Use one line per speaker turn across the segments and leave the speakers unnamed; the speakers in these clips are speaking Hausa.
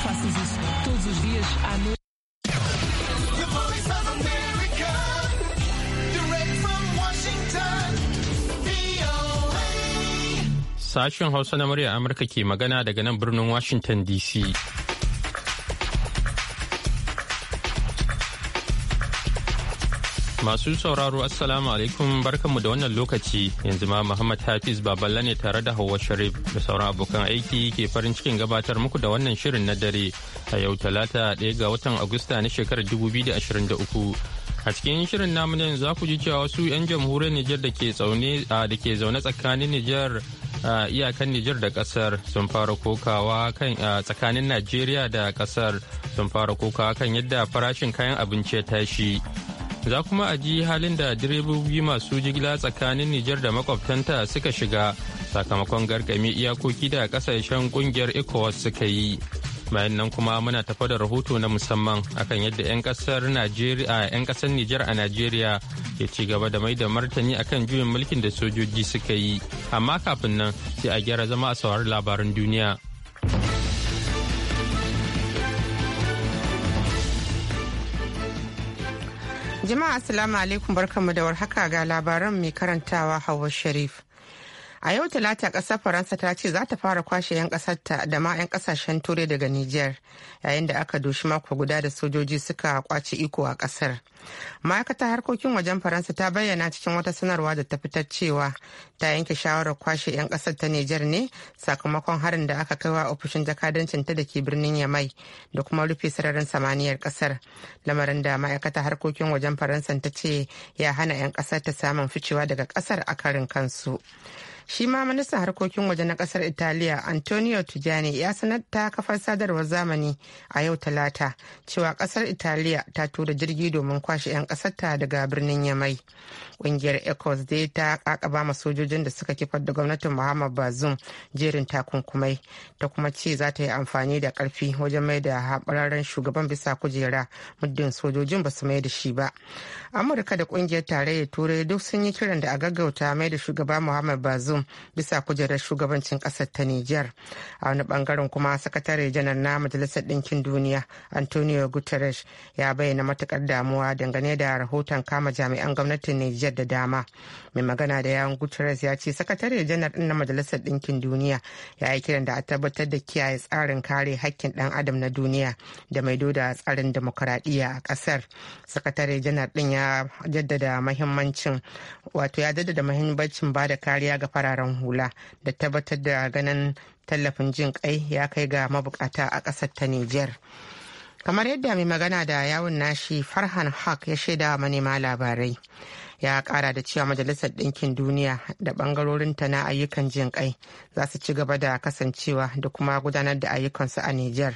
faças isso todos os dias à noite.
Sashen Hausa na murya Amurka ke magana daga nan birnin Washington DC. Masu sauraro Assalamu alaikum barkanmu da wannan lokaci yanzu ma Muhammad Hafiz Baballa ne tare da Hauwa Sharif da sauran abokan aiki ke farin cikin gabatar muku da wannan shirin na dare a yau talata ɗaya ga watan Agusta na shekarar 2023. A cikin shirin namu yanzu za ku ji cewa wasu 'yan jamhuriyar Nijar da ke zaune tsakanin Nijar iyakan Nijar da kasar sun fara kokawa kan tsakanin Najeriya da kasar sun fara kokawa kan yadda farashin kayan abinci ya tashi. Za kuma a ji halin da direbobi masu jigila tsakanin Nijar da makwabtanta suka shiga sakamakon gargami iyakoki da kasashen kungiyar ECOWAS suka yi. bayan nan kuma muna tafa da rahoto na musamman akan yadda 'yan kasar Najeriya 'yan kasar Nijar a Najeriya ke ci gaba da mai da martani akan juyin mulkin da sojoji suka yi amma kafin nan sai a gyara zama a saurari labaran duniya.
Jama'a Assalamu alaikum barkanmu da warhaka ga labaran mai karantawa Hauwa Sharif. A yau Talata ƙasar Faransa ta ce za ta fara kwashe 'yan ƙasarta da ma 'yan ƙasashen Turai daga niger yayin da aka doshi mako guda da sojoji suka kwace iko a ƙasar. Ma'aikatar harkokin wajen Faransa ta bayyana cikin wata sanarwa da ta fitar cewa ta yanke shawarar kwashe 'yan ƙasar ta niger ne sakamakon harin da aka kai wa ofishin jakadancin ta da ke birnin Yamai da kuma rufe sararin samaniyar ƙasar. Lamarin da ma'aikatar harkokin wajen Faransa ta ce ya hana 'yan ƙasar ta samun ficewa daga ƙasar a karin kansu. shi ma ministan harkokin waje na kasar italiya antonio tujani ya sanar ta kafar sadarwar zamani a yau talata cewa kasar italiya ta tura jirgi domin kwashe 'yan kasarta daga birnin yamai kungiyar ecos dai ta kakaba ma sojojin da suka kifar da gwamnatin muhammad bazum jerin takunkumai ta kuma ce za ta yi amfani da karfi wajen mai da haɓararren shugaban bisa kujera muddin sojojin ba su mai da shi ba amurka da kungiyar tarayyar turai duk sun yi kiran da a gaggauta mai da shugaba muhammad bazum. bisa kujerar shugabancin kasar ta Nijar. A wani bangaren kuma sakatare janar na Majalisar dinkin Duniya Antonio Guterres ya bayyana matukar damuwa dangane da rahoton kama jami'an gwamnatin Nijar da dama. Mai magana da yawon Guterres ya ce sakatare janar na Majalisar dinkin Duniya ya yi kiran da a tabbatar da kiyaye tsarin kare hakkin ɗan adam na duniya da mai da tsarin demokuraɗiyya a ƙasar. Sakatare janar din ya jaddada mahimmancin wato ya jaddada mahimmancin ba da kariya ga fara yaran hula da tabbatar da ganin tallafin jin kai ya kai ga mabukata a ƙasar ta Nijar. Kamar yadda mai magana da yawun nashi Farhan Haq ya shaida manema labarai. ya kara da cewa majalisar ɗinkin duniya da ɓangarorinta na ayyukan jin kai za su ci gaba da kasancewa da kuma gudanar da ayyukansu a Nijar.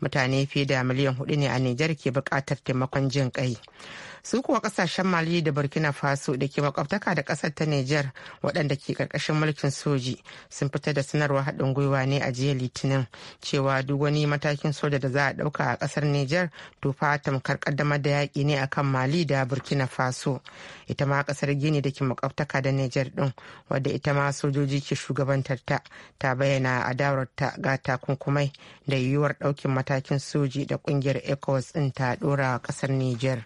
Mutane fiye da miliyan hudu ne a Nijar ke buƙatar taimakon jin kai. su kuwa kasashen mali da burkina faso da ke makwabtaka da kasar ta niger waɗanda ke ƙarƙashin mulkin soji sun fita da sanarwa haɗin gwiwa ne a jiya litinin cewa duk wani matakin soja da za a ɗauka a ƙasar niger to fa tamkar ƙaddamar da yaƙi ne akan mali da burkina faso ita ma ƙasar gini da ke makwabtaka da niger ɗin wadda ita ma sojoji ke shugabantar ta ta bayyana a adawar ta ga takunkumai da yiwuwar ɗaukin matakin soji da ƙungiyar ecos ɗin ta ɗora ƙasar niger.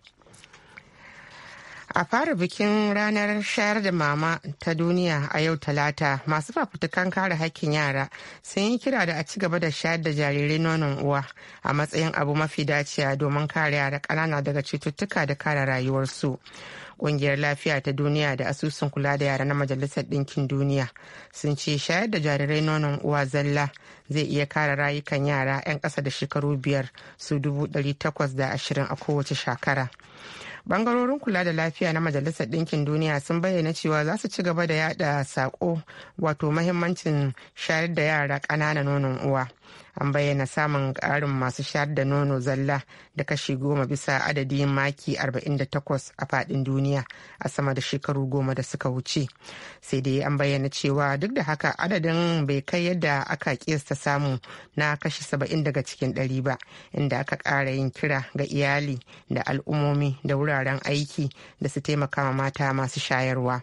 A fara bikin ranar shayar da mama ta duniya a yau talata masu fafutukan kare hakkin yara sun yi kira da a ci gaba da shayar da jarirai nonon uwa a matsayin abu mafi dacewa domin kare yara kanana daga cututtuka da kare rayuwarsu. Ƙungiyar lafiya ta duniya da asusun kula da yara na Majalisar Ɗinkin Duniya sun ce shayar da jarirai nonon uwa zalla zai iya kare rayukan yara 'yan ƙasa da shekaru biyar su dubu ɗari takwas da ashirin a kowace shakara. bangarorin kula da lafiya na majalisar ɗinkin duniya sun bayyana cewa za su ci gaba da yada sako wato mahimmancin shayar da yara ƙananan nonon uwa an bayyana samun ƙarin masu shayar da nono zalla da kashi goma bisa adadin maki 48 a faɗin duniya a sama da shekaru goma da suka wuce sai dai an bayyana cewa duk da haka adadin bai kai yadda aka kiyasta samu na kashi 70 daga cikin ɗari ba inda aka ƙara yin kira ga iyali da al'ummomi da wuraren aiki da su taimaka mata masu shayarwa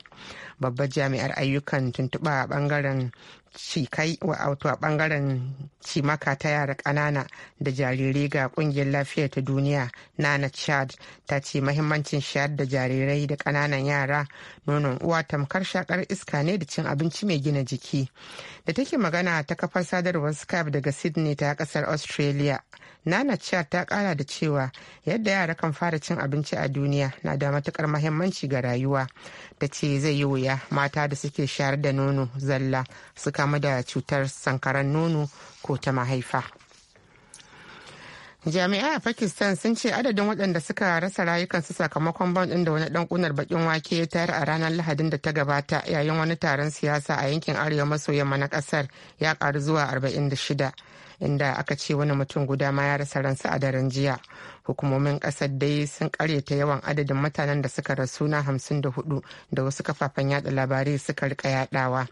babbar jami'ar ayyukan tuntuɓa a ɓangaren cikai auto a bangaren cimaka ta yara kanana da jarirai ga kungiyar lafiya ta duniya nana chad ta ce mahimmancin shayar da jarirai da kananan yara nonon uwa tamkar shakar iska ne da cin abinci mai gina jiki da take magana ta kafar sadarwar skype daga sydney ta kasar australia nana chad ta kara da cewa yadda yara kan fara cin abinci a duniya na da matukar mahimmanci ga rayuwa ta ce zai yi wuya mata da suke shayar da nono zalla su kama da cutar sankaran nono ko ta mahaifa jami'ai a pakistan sun ce adadin waɗanda suka rasa rayukansu sakamakon banɗin da wani ɗan ƙunar bakin wake ya tayar a ranar lahadin da ta gabata yayin wani taron siyasa a yankin arewa maso yamma na ƙasar ya ƙaru zuwa 46 inda aka ce wani mutum guda ma ya rasa ransa a daren jiya hukumomin kasar dai sun karyata yawan adadin mutanen da suka rasu na hamsin da hudu da wasu kafafen yada labarai suka rika yadawa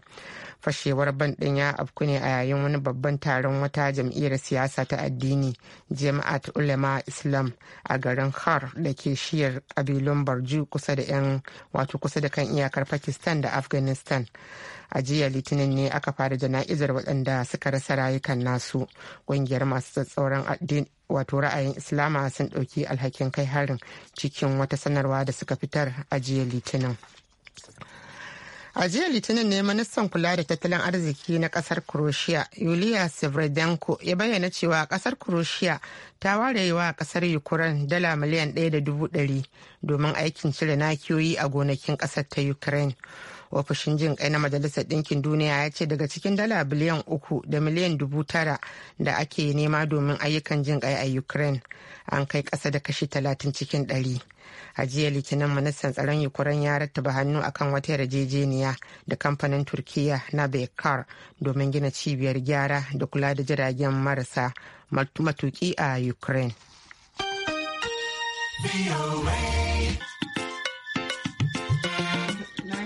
fashewar banɗin ya afku ne a yayin wani babban taron wata jam'iyyar siyasa ta addini jama'at ulama islam a garin har da ke shiyar kabilun barju kusa da yan wato kusa da kan iyakar pakistan da afghanistan a jiya litinin ne aka fara jana'izar waɗanda suka rasa rayukan nasu ƙungiyar masu tsatsauran wato ra'ayin islama sun ɗauki alhakin kai harin cikin wata sanarwa da suka fitar a jiya litinin a jiya litinin ne ministan kula da tattalin arziki na kasar croatia yulia sevredenko ya bayyana cewa kasar croatia ta warewa kasar ukraine dala miliyan 1.1 domin aikin cire nakiyoyi a gonakin kasar ta ukraine ofishin jin kai na majalisar ɗinkin duniya ya ce daga cikin dala biliyan uku da miliyan dubu tara da ake nema domin ayyukan jin kai a ukraine an kai ƙasa da kashi talatin cikin ɗari a jiya litinin ministan tsaron ukraine ya rattaba hannu akan wata yarjejeniya da kamfanin turkiya na bekar domin gina cibiyar gyara da kula da jiragen marasa matuki a ukraine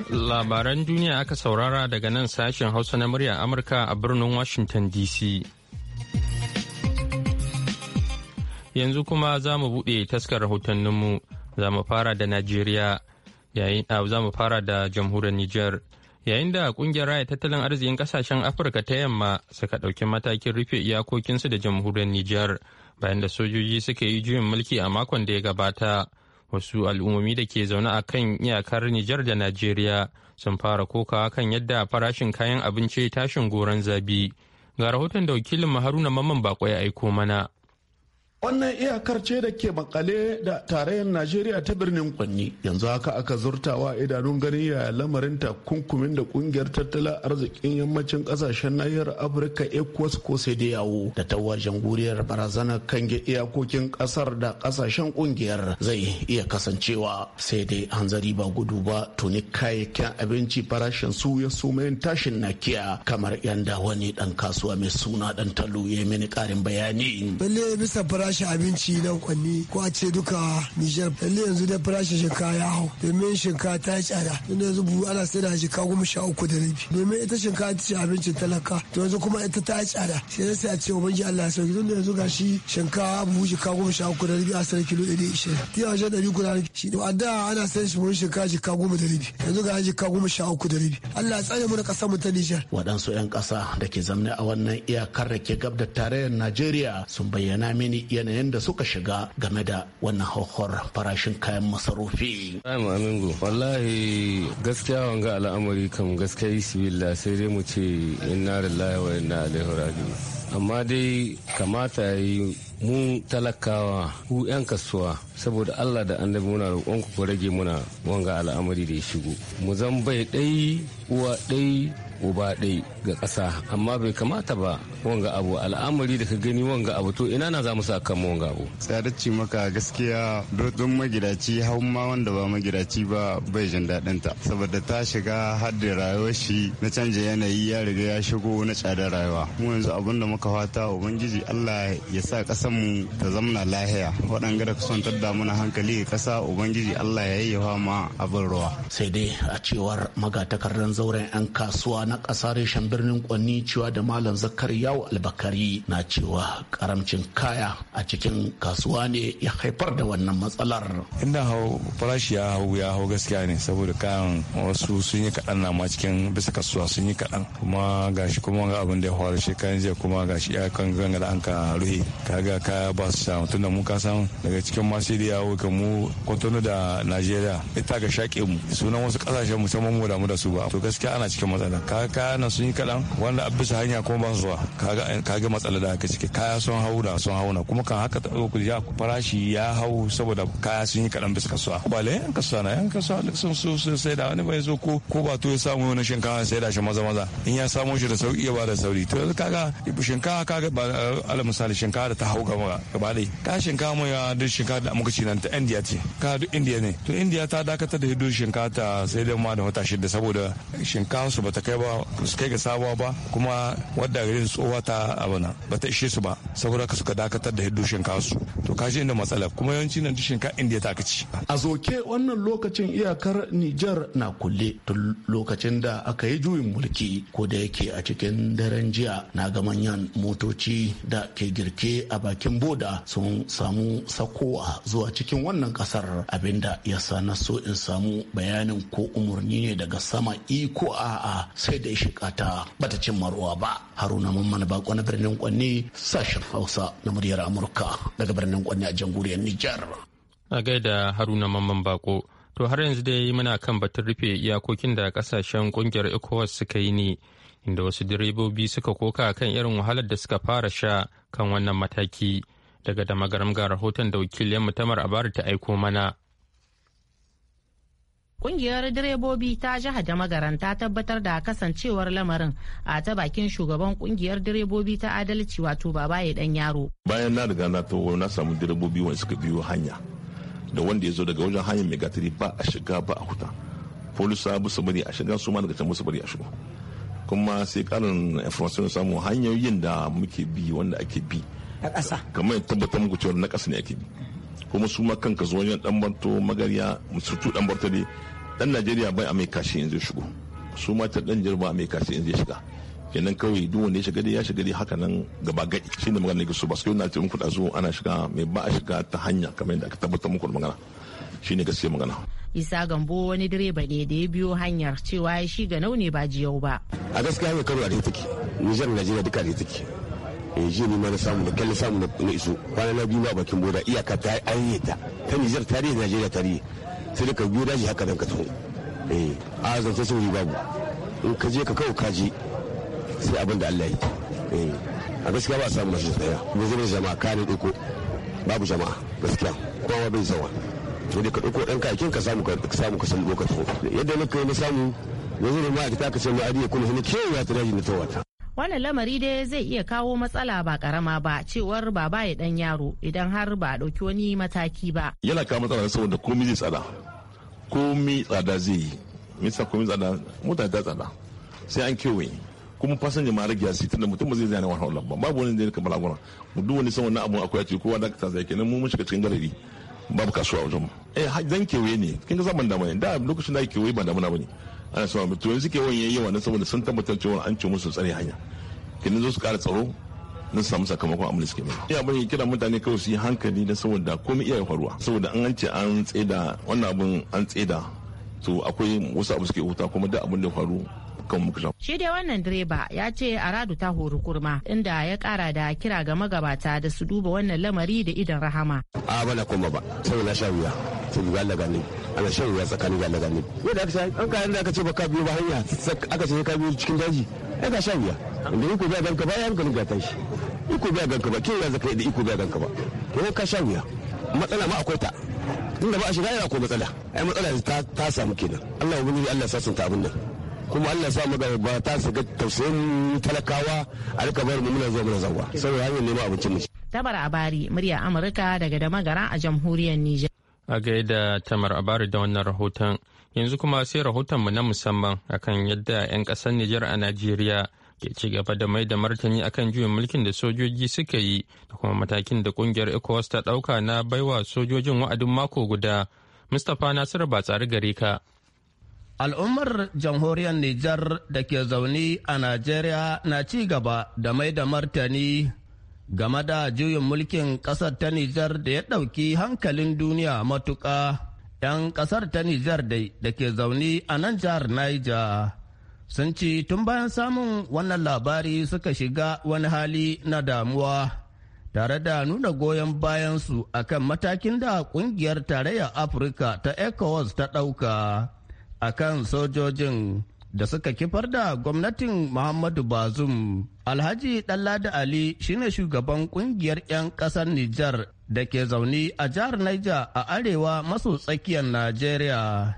Labaran duniya aka saurara daga nan sashen Hausa na murya Amurka a birnin Washington DC. Yanzu kuma za mu buɗe taskar rahotanninmu za mu fara da Najeriya, za mu fara da jamhuriyar Nijar. Yayin da kungiyar raya tattalin arzikin kasashen Afirka ta yamma suka ɗauki matakin rufe iyakokinsu da jamhuriyar niger bayan da sojoji suka yi juyin mulki a makon da ya gabata. wasu al'ummomi da ke zaune a kan iyakar Nijar da Najeriya sun fara kokawa kan yadda farashin kayan abinci tashin goron zabi. Ga rahoton da wakilin Haruna Mamman Bako ya aiko mana.
wannan iyakar ce da ke makale da tarayyar najeriya ta birnin kwanni yanzu haka aka zurtawa idanun gani ya lamarin takunkumin da kungiyar tattalin arzikin yammacin kasashen nahiyar afirka ecowas ko sai da da ta wajen guriyar barazanar kange iyakokin kasar da kasashen kungiyar zai iya kasancewa sai dai an zari ba gudu ba tuni kayayyakin abinci farashin su ya yin tashin nakiya kamar yanda wani dan kasuwa mai suna dan talo ya mini karin bayani.
farashin abinci na kwanni ko a ce duka Nijar. Lalle yanzu da farashin shinkafa ya hau domin shinkafa ta yi tsada. Tun yanzu buhu ana sai da shinkafa goma sha uku da rabi. Domin ita shinkafa ta ci abincin talaka to yanzu kuma ita ta yi tsada. Sai na sai a ce ubangi Allah ya sauki tunda yanzu gashi shinkafa buhu shinkafa goma sha uku da rabi a sanar kilo ɗari ishirin. Tiya wajen ɗari guda shi da da ana sai shi mun shinkafa jika goma da rabi yanzu ga jika goma sha uku da rabi Allah tsare mu da ƙasar mu ta Nijar.
Waɗansu 'yan ƙasa da ke zamne a wannan iyakar da ke gab da tarayyar Najeriya sun bayyana mini yanayin da suka shiga game da wannan hauhawar farashin kayan masarufi.
Ibrahim Amingo, wallahi gaskiya wanga al'amari kam gaskiya isbillah sai dai mu ce inna lillahi wa inna ilaihi raji'un. Amma dai kamata yi mu talakawa ku 'yan kasuwa saboda allah da annabi muna roƙon ku rage muna wanga al'amari da ya shigo mu zan bai ɗai uwa ɗai uba ɗai ga ƙasa amma bai kamata ba wanga abu al'amari da ka gani wanga abu to ina na za mu sa kan wanga abu
tsadacci maka gaskiya don magidaci hau ma wanda ba magidaci ba bai jin daɗin ta saboda ta shiga haddin rayuwar shi na canja yanayi ya riga ya shigo na tsadar rayuwa mu yanzu abin da muka fata ubangiji Allah ya sa ƙasar mu ta zamna lahiya waɗanga da kusantar da mana hankali ƙasa ubangiji Allah
ya yi yayyafa ma abin ruwa sai dai a cewar magatakardan zauren 'yan kasuwa na ƙasa reshen birnin Kwanni cewa da Malam zakar Yawo Albakari na cewa karamcin kaya a cikin kasuwa ne ya haifar da wannan matsalar.
Inda hau farashi ya hau ya hau gaskiya ne saboda kayan wasu sun yi kaɗan na ma cikin bisa kasuwa sun yi kaɗan kuma gashi kuma ga abin da ya faru shekaran jiya kuma gashi ya kan ganga da an ka ruhe kaga kaya ba su samu da mu ka samu daga cikin masu da yawo ka mu kwatano da Najeriya ita ga shaƙe mu sunan wasu ƙasashen musamman mu mu da su ba to gaskiya ana cikin matsala kaya nan sun yi kaɗan wanda a bisa hanya kuma ban zuwa kaga kaga matsala da aka ciki kaya sun hauna sun hauna kuma kan haka ta ɗauku ya farashi ya hau saboda kaya sun yi kaɗan bisa kasuwa bale yan kasuwa na yan kasuwa duk sun so sun sai da wani bai zo ko ko ba to ya samu wani shinkafa sai da shi maza maza in ya samu shi da sauki ya ba da sauri to yanzu kaga shinkafa kaga ba ala misali shinkafa da ta hau gaba gaba dai ka shinkafa mu ya duk shinkafa da muka ci nan ta indiya ce ka duk indiya ne to indiya ta dakatar da hidu shinkafa ta sai da ma da wata shida saboda shinkafa su ta kai ba yawa kai ga sabuwa ba kuma wadda gare tsohuwa ta abana ba ta ishe su ba saboda ka suka dakatar da hidushin kasu to ka inda matsala kuma yawanci nan shinka indiya ta kaci
a zoke
wannan lokacin iyakar nijar na kulle tun lokacin da aka yi juyin mulki ko da yake a cikin daren jiya na ga manyan motoci da ke girke a bakin boda sun samu sakowa zuwa cikin wannan kasar abinda ya sa na so in samu bayanin ko umarni ne daga sama iko a'a sai bai da shiga ta bata cin maruwa ba haruna mamman bako na birnin kwanni sashen hausa na muryar amurka daga birnin kwanni a jamhuriyar nijar
a gaida haruna mamman bako to har yanzu dai muna kan batun rufe iyakokin da kasashen kungiyar ecowas suka yi ne inda wasu direbobi suka koka kan irin wahalar da suka fara sha kan wannan mataki daga da magaram ga rahoton da wakiliyar mutamar abari ta aiko mana
Kungiyar direbobi ta jihar da magaran ta tabbatar da kasancewar lamarin a ta bakin shugaban kungiyar direbobi ta adalci wato ya dan yaro.
Bayan na riga na tawo na samu direbobi wanda suka biyo hanya da wanda ya zo daga wajen hanyar megatari ba a shiga ba a huta. sa bu bari a shiga su ma daga can bu bari a shigo. Kuma sai karin information samu hanyoyin da muke bi wanda ake bi. Na ƙasa. Kamar tabbatar muku cewa na ƙasa ne ake bi. kuma su ma kanka zuwa yin ɗan barto magarya surtu ɗan barto dan najeriya bai amurka kashi yanzu shigo su ma ta dan jirba amurka kashi yanzu shiga kenan kawai duk wanda ya shiga dai ya shiga dai haka nan gaba gadi shi ne magana su ba su yana cikin kuɗa su ana shiga mai ba a shiga ta hanya kamar yadda aka tabbatar muku magana shi ne gaskiya magana
isa gambo wani direba ne da ya biyo hanyar cewa ya shiga nau ne ba jiyau ba
a gaskiya hanyar karo a ita take nijar najeriya duka da ita take eh, yanzu ne ma na samu da kalli samu na iso kwana na biyu ma bakin boda iyaka ta an yi ta ta nijar tarihi najeriya tarihi sai da ka biyo daji haka nan ka taho eh a zance sauri babu in ka je ka kawo kaji sai abin da Allah ya yi eh, a gaskiya ba a samu masu tsaya ba zama jama'a kanin ɗauko babu jama'a gaskiya kowa bai zawa to da ka ɗauko ɗan kakin ka samu ka samu ka san lokacin yadda na kai na samu yanzu da ma'aikata ka ce ma'ari ya kuna hini
kewa ta daji na tawata
wannan lamari dai zai iya kawo matsala ba karama ba cewar ba ya dan yaro idan har ba dauki wani mataki ba
yana kawo matsala saboda komi zai tsada komi tsada zai yi misa komi tsada mota ta tsada sai an kewaye kuma fasinja ma rage yasi tunda mutum zai zai wani haula ba babu wani da ya kamar agwara mu duk wani san wani abu akwai a ce kowa da ka zai kenan mu mun shiga cikin galeri babu kasuwa wajen mu eh zan kewaye ne kin ga zaman da mai da lokacin da kewaye ba damuna bane ana sama mutu yanzu ke wani yayi na saboda sun tabbatar cewa an ce musu tsare hanya kenan zo su kara tsaro na samu sakamakon abin da suke mai ya bari kira mutane kawai su yi hankali na saboda komai iya faruwa saboda an ce an tseda wannan abin an tseda to akwai wasu abu suke huta kuma duk abin da faru kan muka samu.
Shi dai wannan direba ya ce Aradu ta horu kurma inda ya kara da kira ga magabata da su duba wannan lamari da idan rahama.
A bana kuma ba, sai na sha wuya, sai ni gala gani, ana shan wuya tsakanin galla gani. Me da aka ce an kayan da aka ce ka biyo ba hanya, aka ce ka biyo cikin daji, ai ka sha wuya. Inda iko biya ganka ba ya hankalin ga shi. Iko biya ganka ba, ke ya zaka da iko biya ganka ba. To ka sha wuya. Matsala ma akwai ta. Tunda ba a shiga yana ko matsala. Ai matsala ta samu kenan. Allah ya wani Allah sasanta abin nan. kuma Allah sa muka ba ta su ga tausayin talakawa a rika bayar mu muna zuwa muna zawa saboda hanyar neman abincin mu
Tamar Abari murya Amurka daga Damagara a jamhuriyar niger.
a gaida Tamar Abari da wannan rahoton yanzu kuma sai rahoton mu na musamman akan yadda 'yan ƙasar niger a Najeriya ke ci gaba da mai da martani akan juyin mulkin da sojoji suka yi da kuma matakin da kungiyar ECOWAS ta ɗauka na baiwa sojojin wa'adin mako guda. Mustapha Nasiru ba tsari gare ka.
Al'ummar jamhuriyar Nijar da ke zaune a Najeriya na ci gaba da mai da martani game da juyin mulkin ƙasar ta Nijar da ya ɗauki hankalin duniya matuƙa. ‘Yan ƙasar ta Nijar da ke zaune a nan jihar Niger sun ci tun bayan samun wannan labari suka shiga wani hali na damuwa tare da nuna goyon bayansu akan matakin da ƙungiyar tarayyar Afirka ta ECOWAS ta ɗauka. akan sojojin da suka kifar da gwamnatin Muhammadu Bazum. Alhaji Ɗanladi Ali shine shugaban kungiyar 'yan ƙasar Nijar da ke zaune a jihar Niger a arewa maso tsakiyar Najeriya.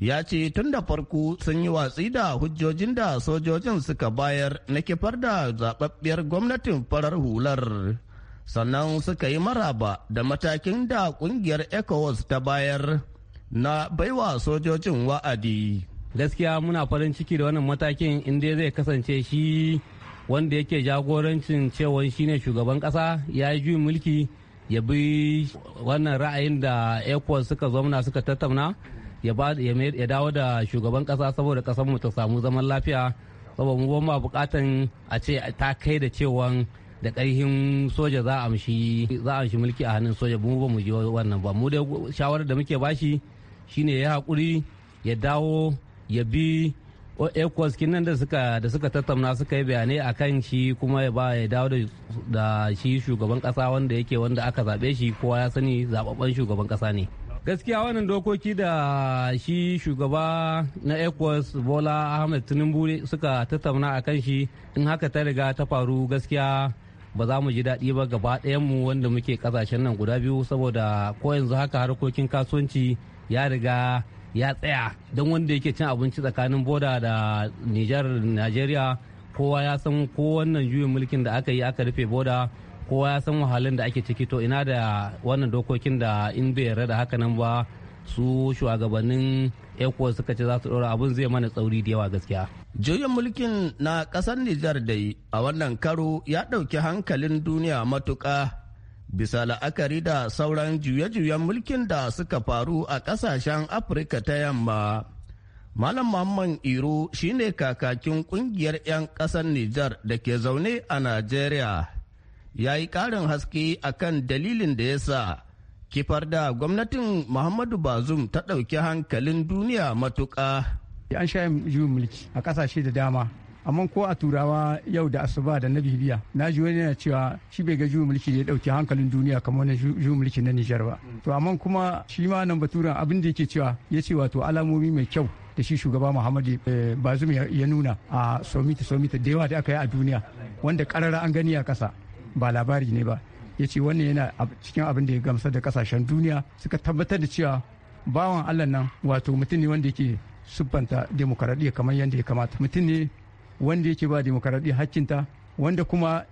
Ya ce tun da farko sun yi watsi da hujjojin da sojojin suka bayar na kifar da zababbiyar gwamnatin farar hular. Sannan suka yi maraba da matakin da kungiyar ECOWAS ta bayar na
baiwa sojojin wa'adi. Gaskiya muna farin ciki da wannan matakin inda zai kasance shi wanda yake jagorancin cewa shi ne shugaban kasa ya yi juyin mulki ya bi wannan ra'ayin da ECOWAS suka zauna suka tattauna ya dawo da shugaban kasa saboda mu ta samu zaman lafiya saboda mu ba bukatan a ce ta kai da cewa da karhin soja za a mushi mulki a hannun soja mu ba mu ji wannan ba mu da shawarar da muke bashi shine ya haƙuri ya dawo ya bi ecos kinan da suka da suka tattauna suka yi bayanai akan shi kuma ya ba ya dawo da shi shugaban kasa wanda yake wanda aka zaɓe shi kowa ya sani zababban shugaban kasa ne gaskiya wannan dokoki da shi shugaba na ecos bola ahmed tinubu suka tattauna akan shi in haka ta riga ta faru gaskiya ba za mu ji daɗi ba gaba mu wanda muke ƙasashen nan guda biyu saboda ko yanzu haka harkokin kasuwanci ya riga ya tsaya don wanda yake cin abinci tsakanin boda da nijar najeriya kowa ya san ko wannan juyin mulkin da aka yi aka rufe boda kowa ya san wahalin da ake ciki to ina da wannan dokokin da in bai yarda da haka nan ba su shugabannin eko suka ce za su ɗora abin zai mana tsauri da yawa gaskiya juyin mulkin
na ƙasar nijar dai a wannan karo ya ɗauki hankalin duniya matuka. bisa la'akari da sauran juye-juyen mulkin da suka faru a kasashen afirka ta yamma malam muhammad iro shine kakakin kungiyar 'yan kasar nijar da ke zaune a nigeria ya yi karin haske akan dalilin da ya sa kifar da gwamnatin muhammadu bazum ta ɗauki
hankalin duniya matuka. an sha mulki a kasashe da dama amma ko a turawa yau da asuba da na bibiya na ji wani yana cewa shi bai ga juyin mulki da ya dauki hankalin duniya kamar wani juyin mulki na Nijar ba mm. to amma kuma shi ma nan baturan abin da yake cewa ya ce wato alamomi mai kyau da shi shugaba Muhammadu eh, Bazum ya nuna a somita somita da yawa da aka yi a duniya wanda karara an gani a kasa ba labari ne ba ya ce wannan yana cikin abin da ya gamsa da kasashen duniya suka tabbatar da cewa bawan Allah nan wato mutum ne wanda yake siffanta demokaradiyya kamar yadda ya kamata mutum ne wanda yake ba demokaradiyya hakkinta wanda kuma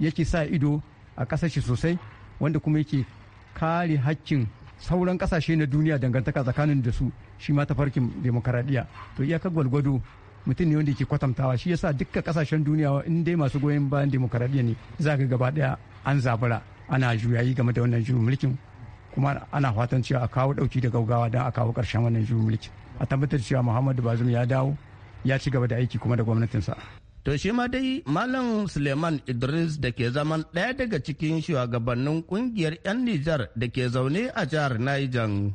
yake sa ido a ƙasar sosai wanda kuma yake kare hakkin sauran ƙasashe na duniya dangantaka tsakanin da su shi ma tafarkin demokaradiyya to iyakar gwalgwado mutum ne wanda ke kwatantawa shi yasa duka kasashen duniya in dai masu goyon bayan demokaradiyya ne za ga gaba daya an zabura ana juyayi game da wannan juyin mulkin kuma ana fatan cewa a kawo ɗauki da gaugawa don a kawo karshen wannan juyin mulkin a tabbatar cewa muhammadu bazum ya dawo ya ci gaba da aiki kuma da gwamnatinsa.
To shi ma dai Malam Suleiman Idris da ke zaman ɗaya daga cikin shugabannin kungiyar 'yan Nijar da ke zaune a jihar Niger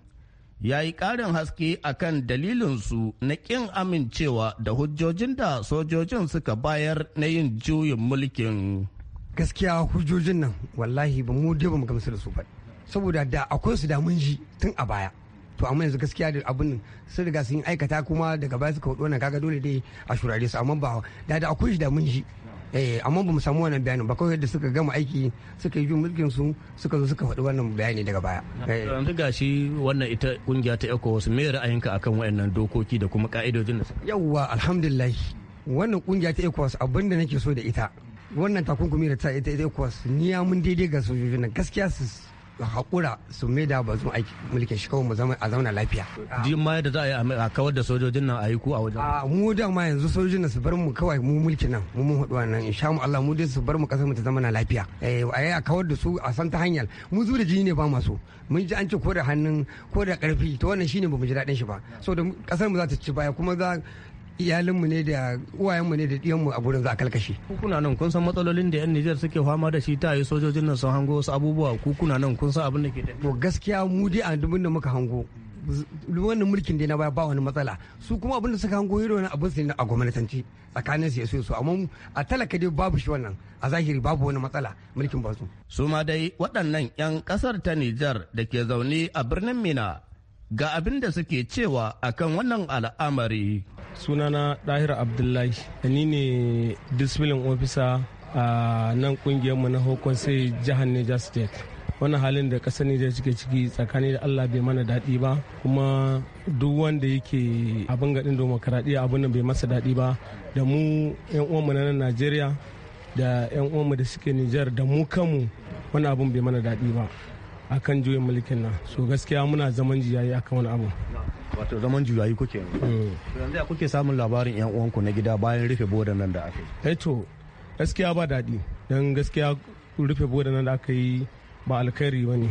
ya yi ƙarin haske a kan dalilinsu na ƙin amincewa da hujjojin da sojojin suka bayar na yin juyin mulkin.
Gaskiya hujjojin nan wallahi ba mu da su ba. Saboda da akwai su da mun ji tun a baya. to amma yanzu gaskiya da abin sun riga sun aikata kuma daga baya suka hudu wannan kaga dole dai a shurare su amma ba da da akwai shi da mun shi eh amma bamu samu wannan bayanin ba kawai da suka gama aiki suka yi mulkin su suka zo suka faɗi wannan bayani daga baya eh.
yanzu gashi wannan ita kungiya ta ECOWAS me ra'ayinka akan wayannan dokoki da kuma ka'idojin da
yawwa alhamdulillah wannan kungiya ta ECOWAS abinda nake so da ita wannan takunkumi da ta ita ECOWAS ni ya mun daidai ga sojojin nan gaskiya su haƙura su mai da ba aiki mulkin shi kawai mu zama a zauna lafiya. Jin ma yadda za a yi a kawar da sojojin nan a yi ku a wajen. A mu da ma yanzu sojojin nan su bar mu kawai mu mulki nan mu mun haɗuwa nan insha mu Allah mu dai su bar mu kasar mu ta zama na lafiya. Eh, a yi a kawar da su a san ta hanyar mu zuwa da jini ne ba masu mun ji an ce ko da hannun ko da ƙarfi to wannan shine ba mu ji daɗin shi ba. So da kasar mu za ta ci baya kuma za iyalinmu ne da uwayenmu ne da ɗiyanmu a gurin za a kalkashe.
Kuna nan kun san matsalolin da 'yan Nijar suke fama da shi ta yi sojojin nan sun hango wasu abubuwa
ku kuna nan kun san abin da ke da. To gaskiya mu dai a dubin da muka hango wannan mulkin da na baya ba wani matsala su kuma abin da suka hango yi na abin su ne a gwamnatanci tsakanin su so su amma a talaka dai babu shi wannan a zahiri babu wani matsala mulkin ba su. Su ma dai
waɗannan 'yan ƙasar ta Nijar da ke zaune a birnin Mina ga abin da suke cewa akan wannan al'amari. sunana dahir abdullahi ni ne
disbilin ofisa a nan mu na hokon sai jihar niger state wani halin da kasar niger cike ciki tsakani da allah bai mana daɗi ba kuma duk wanda yake abin gaɗin demokaradiyya abin bai masa daɗi ba da mu 'yan uwanmu na najeriya da 'yan uwanmu da suke niger da mu kanmu wani abin bai mana daɗi ba akan juyin mulkin nan so gaskiya muna zaman jiyayi akan wani abu
wato zaman juyayi kuke hmm. yanzu ya kuke samun labarin yan uwanku na gida bayan rufe bodan nan da
aka yi eh to gaskiya ba daɗi don gaskiya rufe bodan nan da aka yi ba alkhairi ba ne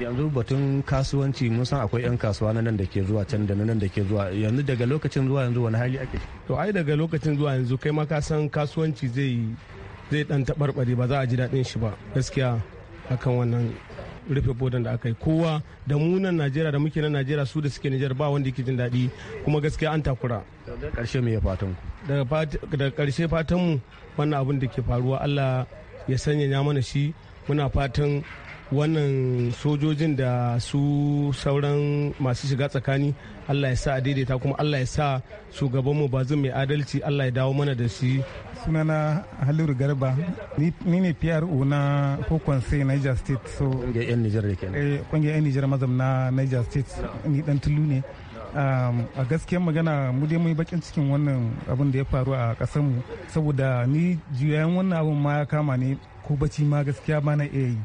yanzu batun kasuwanci mun san akwai 'yan kasuwa na nan da ke zuwa can
da na nan da ke zuwa yanzu daga lokacin zuwa yanzu wani hali ake to ai daga lokacin zuwa yanzu kai ma ka san kasuwanci zai zai dan taɓarɓare ba za a ji daɗin shi ba gaskiya akan wannan rufe bodan da aka yi kowa da mu najeriya da muke na najeriya su da suke nijar ba wanda yake jin daɗi kuma gaskiya an takura daga karshe fatan fatan mu wannan abin da ke faruwa allah ya sanya mana shi muna fatan wannan sojojin da su sauran masu shiga tsakani allah ya sa a daidaita kuma allah ya sa shugabanmu ba zai mai adalci allah ya dawo mana da shi
sunana haliru garba ni ne pro na hukun sai niger state so yan niger da kenan eh, kungiyar yan niger mazam na niger state ni dan tulu ne um, a gaskiyar magana mu dai mai bakin cikin wannan abin da ya faru a kasar mu saboda ni juyayen wannan abin ma ya kama ne ko bacci ma gaskiya ba na iya yi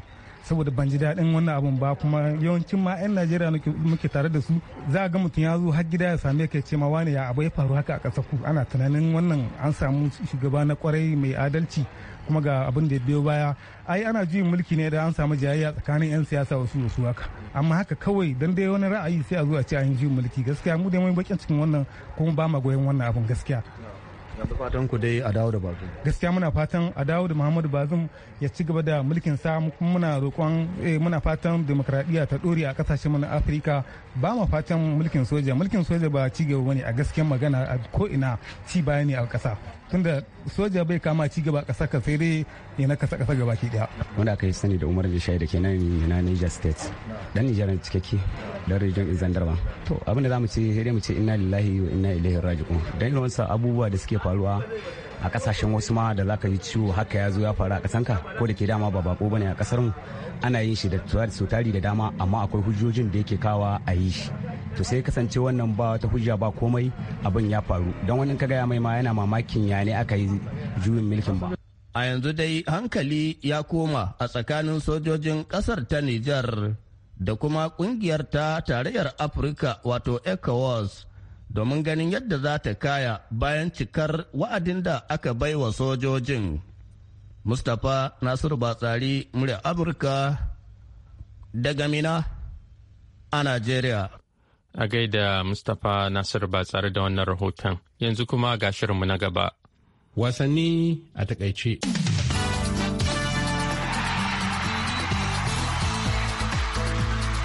saboda ban ji daɗin wannan abun ba kuma yawancin ma 'yan najeriya muke tare da su za ga mutum ya zo har gida ya same ka ce ma wani ya abu ya faru haka a ƙasa ku ana tunanin wannan an samu shugaba na kwarai mai adalci kuma ga abin da ya biyo baya ai ana juyin mulki ne da an samu jayayya tsakanin 'yan siyasa wasu wasu haka amma haka kawai dan dai wani ra'ayi sai a zo a ce an juyin mulki gaskiya mu dai mun bakin cikin wannan kuma ba ma goyon wannan abun gaskiya
yanzu dai a dawo da
bazum gaskiya muna fatan a dawo da muhammadu bazum ya ci gaba da mulkin sa kuma muna roƙon eh, muna fatan demokradiyya ta dore a ƙasashen mu na afirka ba mu fatan mulkin soja mulkin soja ba ci gaba ne a gaskiyar magana a ko ina ci baya ne a ƙasa tunda soja bai kama ci gaba kasa ka sai dai ne na kasa kasa gaba ke daya
wanda aka yi sani da Umar Bishai da nan na Niger State dan Niger na cikakke dan region zandarwa to abin da zamu ce sai dai mu ce inna lillahi wa inna ilaihi raji'un dan irin wasu abubuwa da suke faruwa a kasashen wasu ma da zaka yi ciwo haka ya zo ya faru a kasanka ko da ke dama ba bako bane a kasar mu ana yin shi da sautari da dama amma akwai hujjojin da yake kawa a yi shi to sai kasance wannan ba wata hujja ba komai abin ya faru don wani kaga ya mai ma yana mamakin ya ne aka yi juyin milkin ba
a yanzu dai hankali ya koma a tsakanin sojojin kasar ta Nijar da kuma kungiyar ta tarayyar Afirka wato ECOWAS domin ganin yadda za ta kaya bayan cikar wa'adin da aka bai wa sojojin. Mustapha Nasiru Batsari murya Afirka daga Mina a Najeriya.
A gaida Mustapha Nasiru Batsari da wannan rahoton yanzu kuma ga shirinmu na gaba. Wasanni a takaice.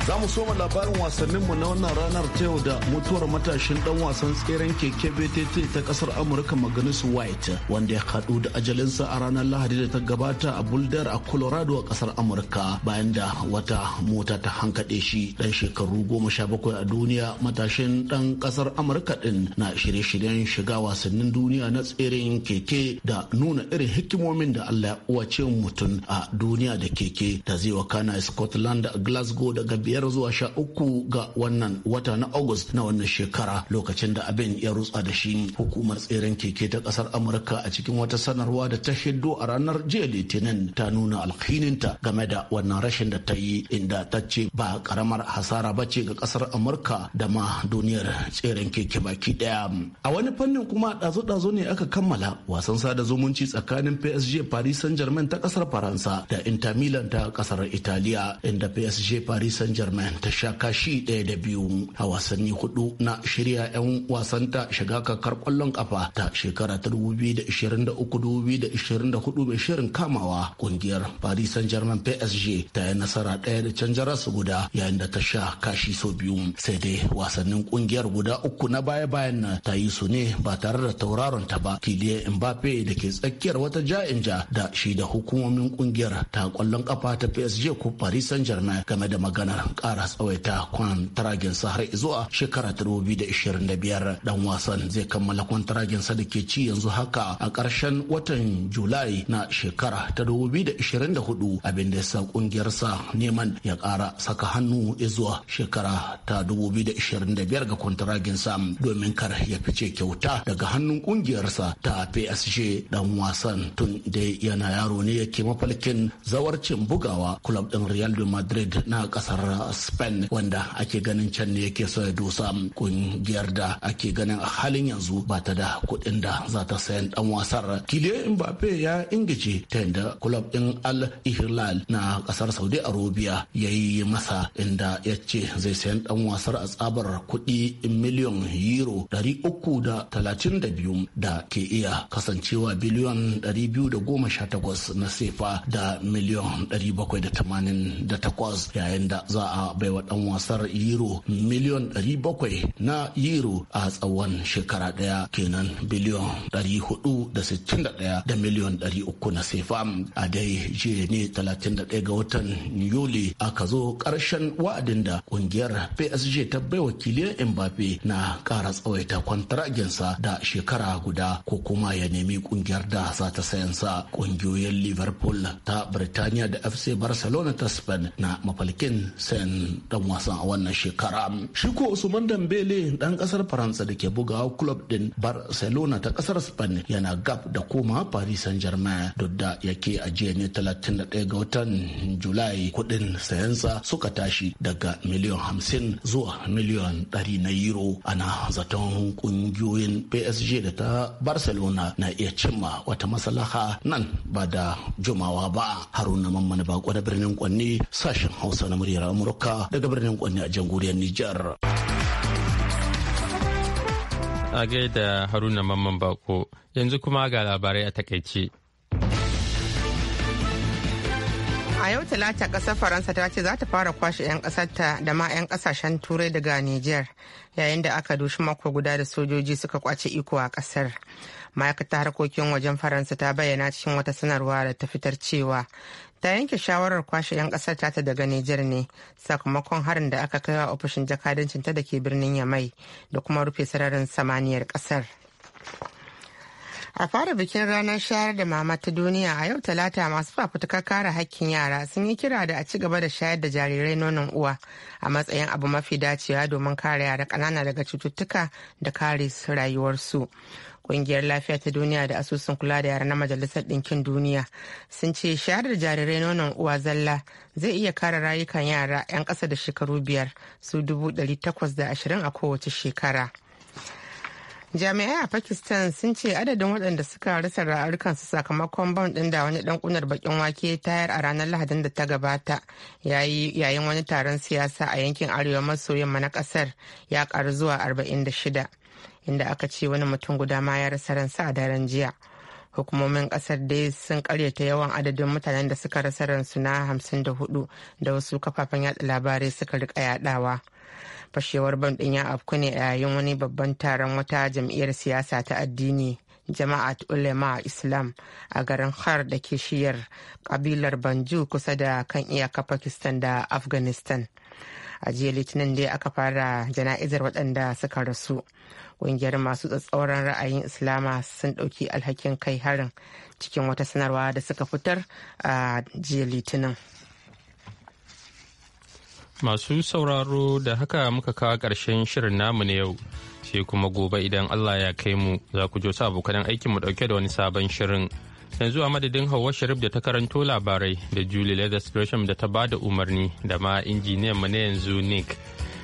Za mu soma labarin wasanninmu na wannan ranar ta yau da mutuwar matashin dan wasan tseren keke BTT ta kasar Amurka maganis White wanda ya haɗu da ajalinsa a ranar Lahadi da ta gabata a Boulder a Colorado a kasar Amurka bayan da wata mota ta hankaɗe shi dan shekaru goma sha bakwai a duniya matashin dan kasar Amurka din na shirye-shiryen shiga wasannin duniya na tseren keke da nuna irin hikimomin da Allah ya uwace mutum a duniya da keke da zai wakana Scotland a Glasgow daga biyar zuwa sha uku ga wannan wata na August na wannan shekara lokacin da abin ya rutsa da shi hukumar tseren keke ta kasar Amurka a cikin wata sanarwa da ta shiddo a ranar jiya Litinin ta nuna alhininta game da wannan rashin da ta yi inda ta ce ba karamar hasara ba ce ga kasar Amurka da ma duniyar tseren keke baki daya. A wani fannin kuma ɗazu-ɗazu ne aka kammala wasan sada zumunci tsakanin PSG Paris Saint-Germain ta kasar Faransa da Inter Milan ta kasar Italiya inda PSG Paris Saint-Germain Germain ta sha kashi ɗaya da biyu a wasanni hudu na shirya 'yan wasanta shiga kakar kwallon kafa ta shekara ta 2023-2024 mai shirin kamawa kungiyar Paris Saint-Germain PSG ta yi nasara ɗaya da can su guda yayin da ta sha kashi sau biyu sai dai wasannin kungiyar guda uku na baya-bayan nan ta yi su ne ba tare da tauraron ta ba Kylian Mbappe da ke tsakiyar wata ja'in ja da shi da hukumomin kungiyar ta kwallon kafa ta PSG ko Paris Saint-Germain game da maganar kara tsawaita kwantaragen sa har zuwa shekara ta biyar dan wasan zai kammala kwantaragin sa da ke ci yanzu haka a ƙarshen watan julai na shekara ta da da ishirin hudu abinda ya sa neman ya kara saka hannu zuwa shekara ta da da ishirin biyar ga kwantaragen sa domin kar ya fice kyauta daga hannun ƙungiyarsa ta PSG dan wasan tun da yana yaro ne yake mafalkin zawarcin bugawa club din Real Madrid na kasar spain wanda ake ganin can ne yake so ya dosa kungiyar da ake ganin a halin yanzu ba ta da kuɗin da za ta sayan dan wasar kile mbappe ya ingice ta yadda kulob din al ihlal na kasar saudi arabia ya yi masa inda ya ce zai sayan dan wasar a tsabar kuɗi miliyan euro 332 da ke iya kasancewa biliyon 218 na sefa da miliyan 788 yayin da za a baiwa dan wasar euro miliyon 700 na euro a tsawon shekara daya kenan biliyon 461 da miliyon 300 na Sefam, a dai jiya ne 31 ga watan yuli aka zo karshen wa'adin da kungiyar psg ta baiwa kiliyan mbappe na kara tsawaita kwantaragensa da shekara guda ko kuma ya nemi kungiyar da za ta sayansa kungiyoyin liverpool ta birtaniya da fc barcelona ta spain na mafalkin sayan ɗan ɗan wasan a wannan shekara. Shiko Usman Dambele ɗan ƙasar Faransa da ke bugawa club ɗin Barcelona ta ƙasar Spain yana gab da koma Paris Saint-Germain duk da yake a jiya ne 31 ga watan Julai kuɗin sayansa suka tashi daga miliyan hamsin zuwa miliyon 100 na euro ana zaton ƙungiyoyin PSG da ta Barcelona na iya cimma wata maslaha nan ba da jumawa ba Haruna Mamman Bako da birnin Kwanne sashen Hausa na muryar Amurka. amurka daga birnin kwanne a jamhuriyar nijar
a gaida haruna mamman bako yanzu kuma ga labarai a takaice
a yau talata ƙasar faransa ta ce za ta fara kwashe 'yan kasarta da ma 'yan kasashen turai daga nijar yayin da aka dushi mako guda da sojoji suka kwace iko a ƙasar ma'aikatar harkokin wajen faransa ta bayyana cikin wata sanarwa da ta fitar cewa ta yanke shawarar kwashe 'yan kasar tata daga Nijar ne sakamakon harin da aka kai wa ofishin jakadancin ta da ke birnin Yamai da kuma rufe sararin samaniyar kasar. A fara bikin ranar shayar da mama ta duniya a yau talata masu fafutukar kare hakkin yara sun yi kira da a ci gaba da shayar da jarirai nonon uwa a matsayin abu mafi dacewa domin kare yara ƙanana daga cututtuka da kare rayuwarsu. Ƙungiyar lafiya ta duniya da asusun kula da yara na Majalisar Ɗinkin Duniya sun ce shayar jarirai nonon uwa zalla zai iya kare rayukan yara 'yan ƙasa da shekaru biyar su dubu ɗari takwas da ashirin a kowace shekara. jami'ai a pakistan sun ce adadin waɗanda suka rasa ra'arukansu sakamakon bam ɗin da wani ɗan ƙunar bakin wake tayar a ranar lahadin da ta gabata yayin wani taron siyasa a yankin arewa maso yamma na ƙasar ya ƙaru zuwa arba'in da shida. inda aka ce wani mutum guda ma ya rasa ransa a daren jiya hukumomin kasar dai sun karyata yawan adadin mutanen da suka rasa ransu na hamsin da hudu da wasu kafafen yada labarai suka rika yadawa fashewar bam ɗin ya afku ne a yayin wani babban taron wata jam'iyyar siyasa ta addini jama'at ulema islam a garin har da ke shiyar kabilar banju kusa da kan iyaka pakistan da afghanistan a jiya litinin dai aka fara jana'izar waɗanda suka rasu Ƙungiyar masu tsatsauran ra'ayin Islama sun ɗauki alhakin kai harin cikin wata sanarwa da suka fitar a jiya Litinin.
Masu sauraro da haka muka kawo ƙarshen shirin namu na yau, sai kuma gobe idan Allah ya kai mu za ku josa sa abokan aikinmu ɗauke da wani sabon shirin. yanzu a madadin hawa sharif da ta karanto labarai da julie leather da ta ba da umarni da ma injiniyan mu na yanzu nick